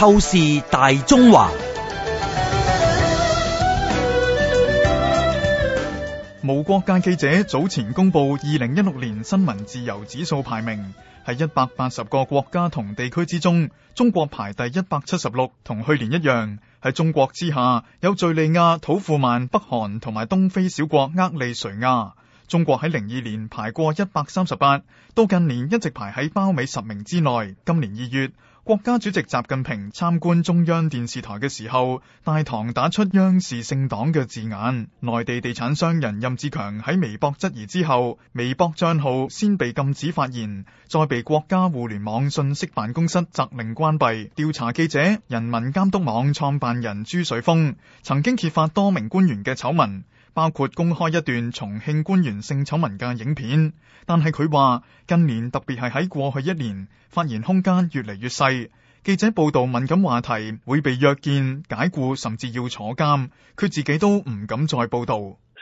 透視大中華。無國界記者早前公布二零一六年新聞自由指數排名，喺一百八十個國家同地區之中，中國排第一百七十六，同去年一樣，喺中國之下有敘利亞、土庫曼、北韓同埋東非小國厄利瑞亞。中國喺零二年排過一百三十八，到近年一直排喺包尾十名之內。今年二月。國家主席習近平參觀中央電視台嘅時候，大堂打出央視姓黨嘅字眼。內地地產商人任志強喺微博質疑之後，微博帳號先被禁止發言，再被國家互聯網信息辦公室責令關閉。調查記者人民監督網創辦人朱瑞峰曾經揭發多名官員嘅醜聞。包括公開一段重慶官員性醜聞嘅影片，但係佢話，近年特別係喺過去一年，發言空間越嚟越細。記者報道敏感話題會被約見、解雇，甚至要坐監。佢自己都唔敢再報道。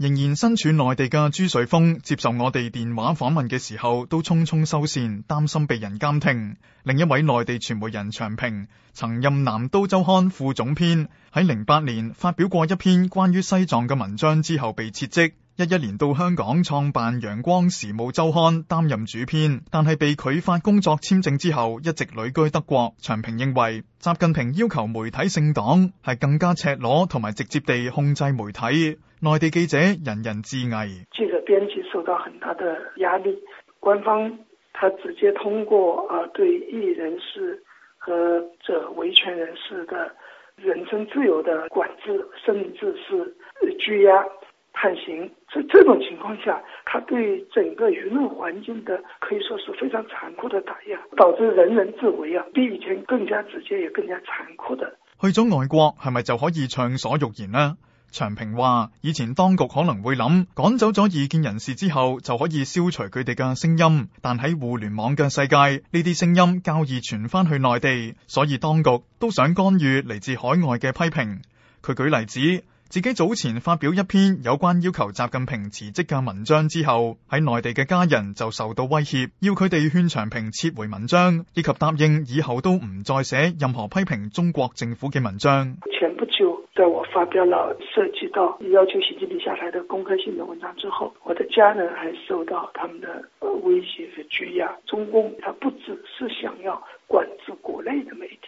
仍然身處內地嘅朱瑞峰接受我哋電話訪問嘅時候，都匆匆收線，擔心被人監聽。另一位內地傳媒人長平，曾任南都周刊副總編，喺零八年發表過一篇關於西藏嘅文章之後被撤職，一一年到香港創辦陽光時務周刊，擔任主編，但係被拒發工作簽證之後，一直旅居德國。長平認為，習近平要求媒體姓黨，係更加赤裸同埋直接地控制媒體。內地記者人人自危，記者編輯受到很大的壓力。官方他直接通過啊，對異人士和者維權人士的人身自由的管制，甚至是拘押、判刑。在這種情況下，他對整個輿論環境的可以說是非常殘酷的打壓，導致人人自危啊，比以前更加直接也更加殘酷的。去咗外國係咪就可以暢所欲言呢？長平話：以前當局可能會諗，趕走咗異見人士之後就可以消除佢哋嘅聲音，但喺互聯網嘅世界，呢啲聲音較易傳翻去內地，所以當局都想干預嚟自海外嘅批評。佢舉例子，自己早前發表一篇有關要求習近平辭職嘅文章之後，喺內地嘅家人就受到威脅，要佢哋勸長平撤回文章，以及答應以後都唔再寫任何批評中國政府嘅文章。在我發表了涉及到要求習近平下台的公開性的文章之後，我的家人還受到他們的威脅和拘押。中共他不只是想要管制國內的媒體，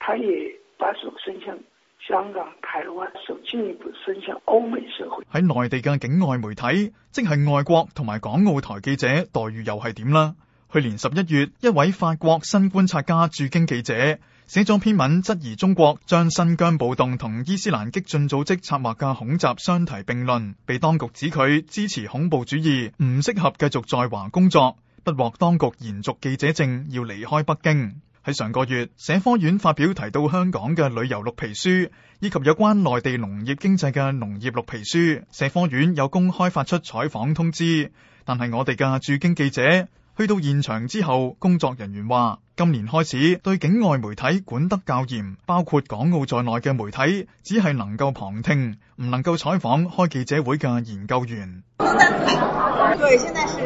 他也把手伸向香港、台灣，甚至進一步伸向歐美社會。喺內地嘅境外媒體，即係外國同埋港澳台記者待遇又係點啦？去年十一月，一位法國新觀察家駐京記者寫咗篇文，質疑中國將新疆暴動同伊斯蘭激進組織策劃嘅恐襲相提並論，被當局指佢支持恐怖主義，唔適合繼續在華工作，不獲當局延續記者證，要離開北京。喺上個月，社科院發表提到香港嘅旅遊綠皮書以及有關內地農業經濟嘅農業綠皮書，社科院有公開發出採訪通知，但係我哋嘅駐京記者。去到現場之後，工作人員話：今年開始對境外媒體管得較嚴，包括港澳在內嘅媒體只係能夠旁聽，唔能夠採訪開記者會嘅研究員。 對，現在是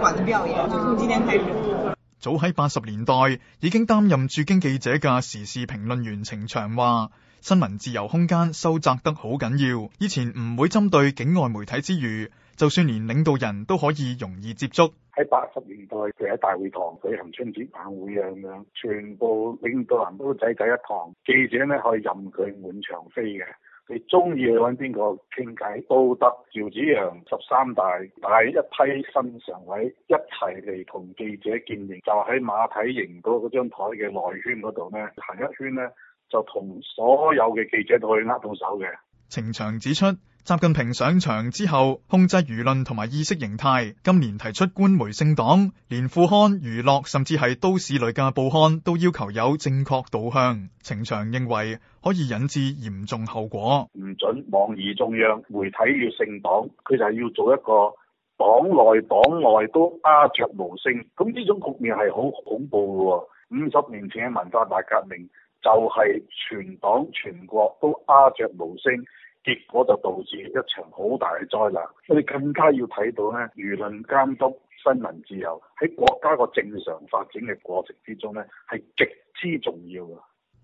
管得比較嚴，就從今天開始。早喺八十年代已經擔任駐京記者嘅時事評論員程翔話：新聞自由空間收窄得好緊要，以前唔會針對境外媒體之餘。就算連領導人都可以容易接觸。喺八十年代，嘅大會堂舉行春節晚會啊，咁樣全部領導人都濟濟一堂，記者咧可以任佢滿場飛嘅，你中意去搵邊個傾偈都得。趙紫陽十三大第一批新常委一齊嚟同記者見面，就喺馬蹄形嗰嗰張台嘅內圈嗰度咧行一圈咧，就同所有嘅記者都可以握到手嘅。程翔指出，習近平上場之後，控制輿論同埋意識形態。今年提出官媒姓黨、連副刊、娛樂甚至係都市類嘅報刊都要求有正確導向。程翔認為可以引致嚴重後果。唔准妄議中央，媒體要姓黨，佢就係要做一個黨內、黨外都鴉雀無聲。咁呢種局面係好恐怖噶。五十年前嘅文化大革命就係全黨全國都鴉雀無聲。結果就導致一場好大嘅災難。我哋更加要睇到呢，輿論監督、新聞自由喺國家個正常發展嘅過程之中呢，係極之重要嘅。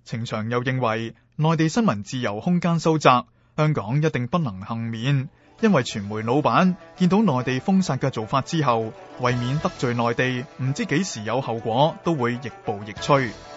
程翔又認為，內地新聞自由空間收窄，香港一定不能幸免，因為傳媒老闆見到內地封殺嘅做法之後，為免得罪內地，唔知幾時有後果，都會亦步亦趨。